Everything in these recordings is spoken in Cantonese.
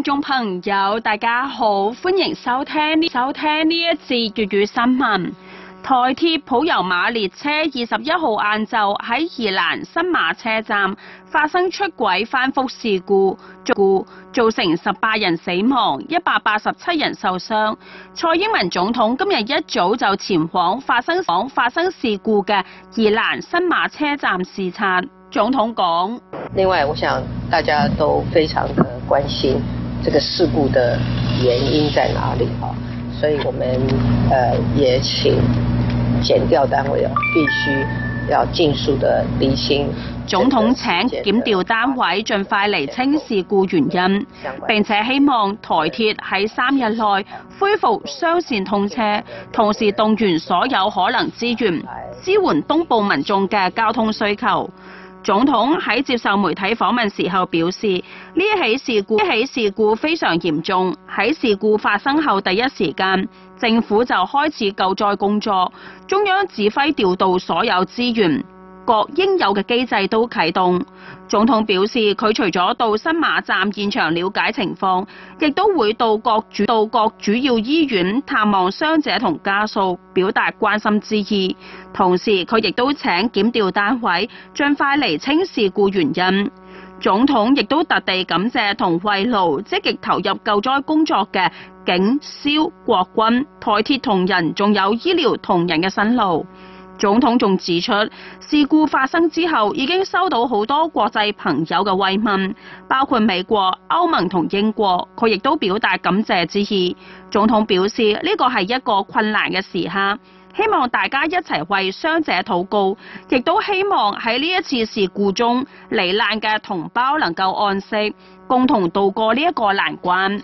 觀眾朋友，大家好，歡迎收聽收聽呢一次粵語新聞。台鐵普悠瑪列車二十一號晏晝喺宜蘭新馬車站發生出軌翻覆事故，造造成十八人死亡、一百八十七人受傷。蔡英文總統今日一早就前往發生發生事故嘅宜蘭新馬車站視察。總統講：另外，我想大家都非常的關心。這個事故的原因在哪裏啊？所以我們呃也請檢調單位啊，必須要盡速的釐清。總統請檢調單位盡快釐清事故原因，並且希望台鐵喺三日內恢復雙線通車，同時動員所有可能資源支援東部民眾嘅交通需求。總統喺接受媒體訪問時候表示，呢起事故呢起事故非常嚴重。喺事故發生後第一時間，政府就開始救災工作，中央指揮調度所有資源，各應有嘅機制都啟動。總統表示，佢除咗到新馬站現場了解情況，亦都會到各主到各主要醫院探望傷者同家屬，表達關心之意。同時，佢亦都請檢調單位儘快釐清事故原因。總統亦都特地感謝同慰勞積極投入救災工作嘅警、消、國軍、台鐵同仁，仲有醫療同仁嘅辛勞。總統仲指出，事故發生之後，已經收到好多國際朋友嘅慰問，包括美國、歐盟同英國，佢亦都表達感謝之意。總統表示，呢個係一個困難嘅時刻，希望大家一齊為傷者禱告，亦都希望喺呢一次事故中罹難嘅同胞能夠安息，共同渡過呢一個難關。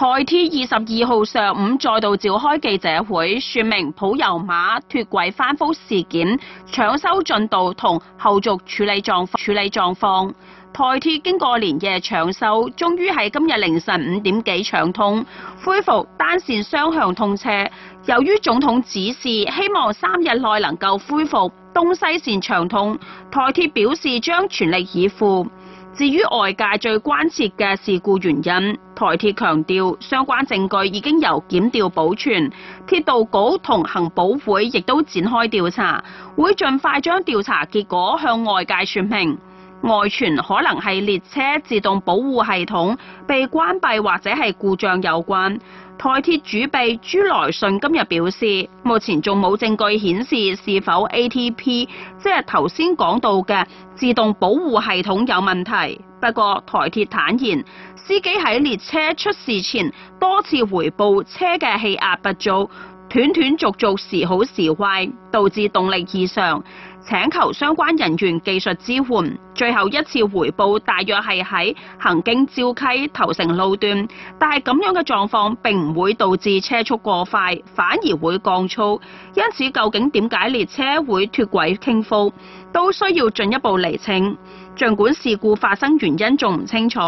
台鐵二十二號上午再度召開記者會，説明普悠瑪脱軌翻覆事件搶修進度同後續處理狀況。處理狀況。台鐵經過連夜搶修，終於喺今日凌晨五點幾搶通，恢復單線雙向通車。由於總統指示，希望三日內能夠恢復東西線暢通，台鐵表示將全力以赴。至於外界最關切嘅事故原因，台鐵強調，相關證據已經由檢調保存，鐵道局同行保會亦都展開調查，會盡快將調查結果向外界說明。外傳可能係列車自動保護系統被關閉或者係故障有關。台鐵主秘朱來順今日表示，目前仲冇證據顯示是否 ATP，即係頭先講到嘅自動保護系統有問題。不過台鐵坦言，司機喺列車出事前多次回報車嘅氣壓不足，斷斷續續時好時壞導致動力異常，請求相關人員技術支援。最後一次回報大約係喺行經礁溪頭城路段，但係咁樣嘅狀況並唔會導致車速過快，反而會降速。因此，究竟點解列車會脫軌傾覆，都需要進一步釐清。儘管事故發生原因仲唔清楚，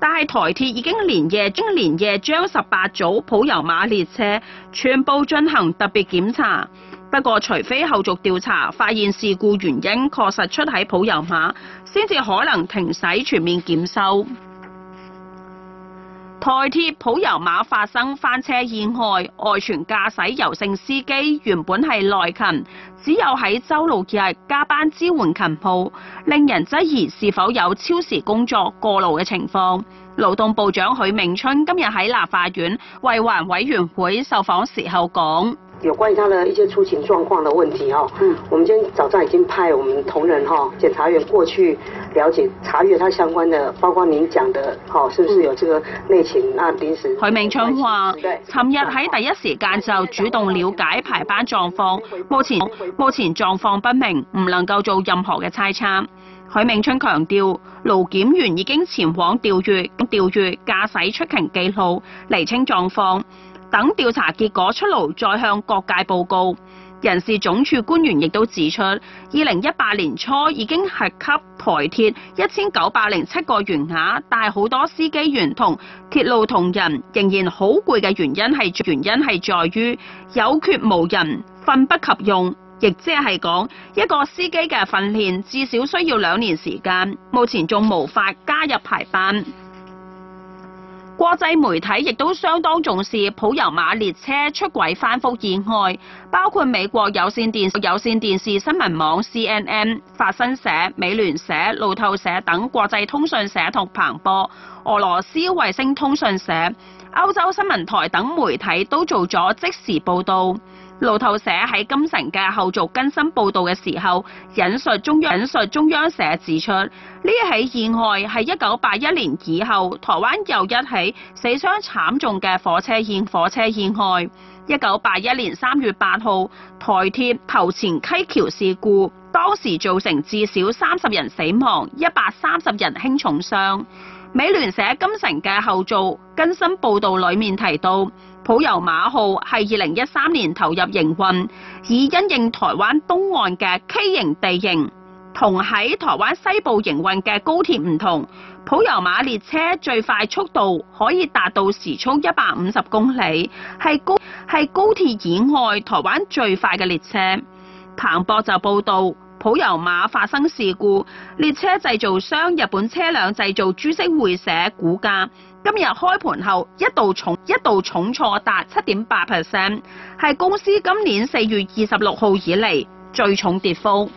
但係台鐵已經連夜將連夜將十八組普悠瑪列車全部進行特別檢查。不過，除非後續調查發現事故原因確實出喺普悠瑪，先至可能停駛全面檢修。台鐵普悠瑪發生翻車意外，外傳駕駛尤姓司機原本係內勤，只有喺周六日加班支援勤務，令人質疑是否有超時工作過勞嘅情況。勞動部長許明春今日喺立法院衞環委員會受訪時候講。有關於他的一些出勤狀況的問題哦，嗯，我們今天早上已經派我們同仁哈檢察員過去了解查閱他相關的，包括您講的，哦，是不是有這個內情？那臨時。許明春話，尋日喺第一時間就主動了解排班狀況，目前目前狀況不明，唔能夠做任何嘅猜測。許明春強調，勞檢員已經前往調閱，調閱駕駛出勤記錄，釐清狀況。等調查結果出爐，再向各界報告。人事總處官員亦都指出，二零一八年初已經核給台鐵一千九百零七個員額，但好多司機員同鐵路同仁仍然好攰嘅原因係原因係在於有缺無人，訓不及用，亦即係講一個司機嘅訓練至少需要兩年時間，目前仲無法加入排班。國際媒體亦都相當重視普悠瑪列車出軌翻覆意外，包括美國有線電視有線電視新聞網 CNN、法新社、美聯社、路透社等國際通訊社同彭博、俄羅斯衛星通訊社、歐洲新聞台等媒體都做咗即時報導。路透社喺今晨嘅後續更新報導嘅時候，引述中央引述中央社指出，呢起意外係一九八一年以後台灣又一起死傷慘重嘅火車軌火車意外。一九八一年三月八號，台鐵頭前溪橋事故，當時造成至少三十人死亡，一百三十人輕重傷。美聯社金城嘅後續更新報道裏面提到，普悠瑪號係二零一三年投入營運，以因應台灣東岸嘅 K 型地形。同喺台灣西部營運嘅高鐵唔同，普悠瑪列車最快速度可以達到時速一百五十公里，係高係高鐵以外台灣最快嘅列車。彭博就報道。普悠瑪發生事故，列車製造商日本車輛製造株式會社股價今日開盤後一度重一度重挫達七點八 percent，係公司今年四月二十六號以嚟最重跌幅。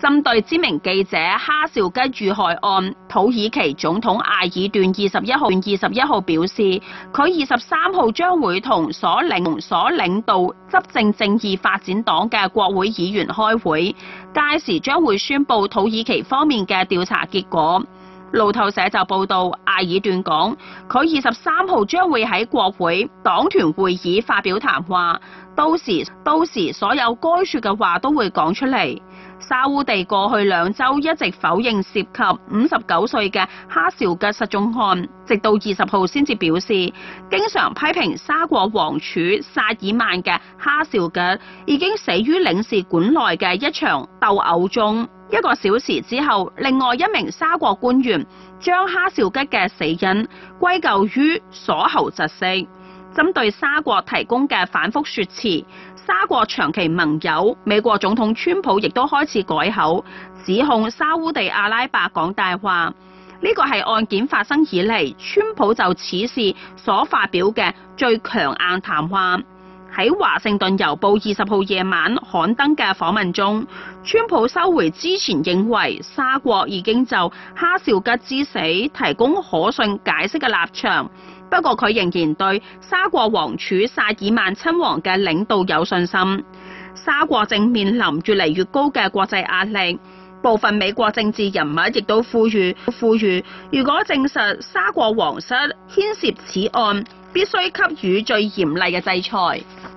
針對知名記者哈紹吉遇害案，土耳其總統艾爾段二十一號二十一號表示，佢二十三號將會同所領所領導執政正義發展黨嘅國會議員開會，屆時將會宣布土耳其方面嘅調查結果。路透社就報道，艾爾段講：佢二十三號將會喺國會黨團會議發表談話，到時到時所有該説嘅話都會講出嚟。沙烏地過去兩週一直否認涉及五十九歲嘅哈紹吉失蹤案，直到二十號先至表示，經常批評沙國王儲薩爾曼嘅哈紹吉已經死於領事館內嘅一場鬥毆中。一個小時之後，另外一名沙國官員將哈紹吉嘅死因歸咎於鎖喉窒息。針對沙國提供嘅反覆説辭，沙國長期盟友美國總統川普亦都開始改口，指控沙烏地阿拉伯講大話。呢個係案件發生以嚟，川普就此事所發表嘅最強硬談話。喺華盛頓郵報二十號夜晚刊登嘅訪問中，川普收回之前認為沙國已經就哈紹吉之死提供可信解釋嘅立場。不過，佢仍然對沙國王儲薩爾曼親王嘅領導有信心。沙國正面臨越嚟越高嘅國際壓力，部分美國政治人物亦都呼籲呼籲，如果證實沙國王室牽涉此案，必須給予最嚴厲嘅制裁。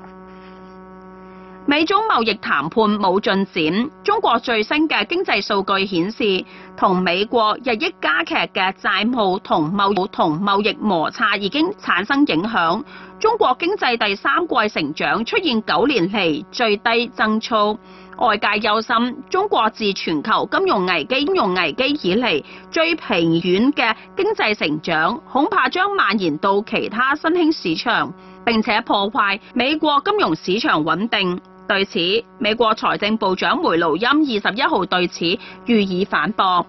美中貿易談判冇進展。中國最新嘅經濟數據顯示，同美國日益加劇嘅債務同貿同貿易摩擦已經產生影響。中國經濟第三季成長出現九年嚟最低增速，外界憂心中國自全球金融危機、金融危機以嚟最平軟嘅經濟成長，恐怕將蔓延到其他新興市場，並且破壞美國金融市場穩定。對此，美國財政部長梅努欽二十一號對此予以反駁。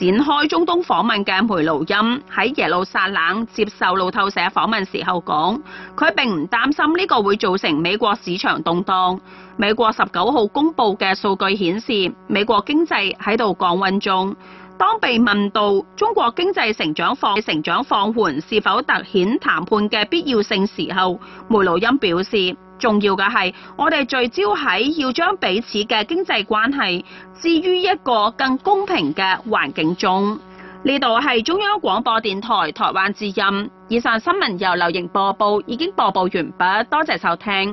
展開中東訪問嘅梅努欽喺耶路撒冷接受路透社訪問時候講，佢並唔擔心呢個會造成美國市場動盪。美國十九號公佈嘅數據顯示，美國經濟喺度降溫中。當被問到中國經濟成長放成長放緩是否凸顯談判嘅必要性時候，梅努欽表示。重要嘅係，我哋聚焦喺要將彼此嘅經濟關係置於一個更公平嘅環境中。呢度係中央廣播電台台灣之音。以上新聞由劉瑩播報，已經播報完畢，多謝收聽。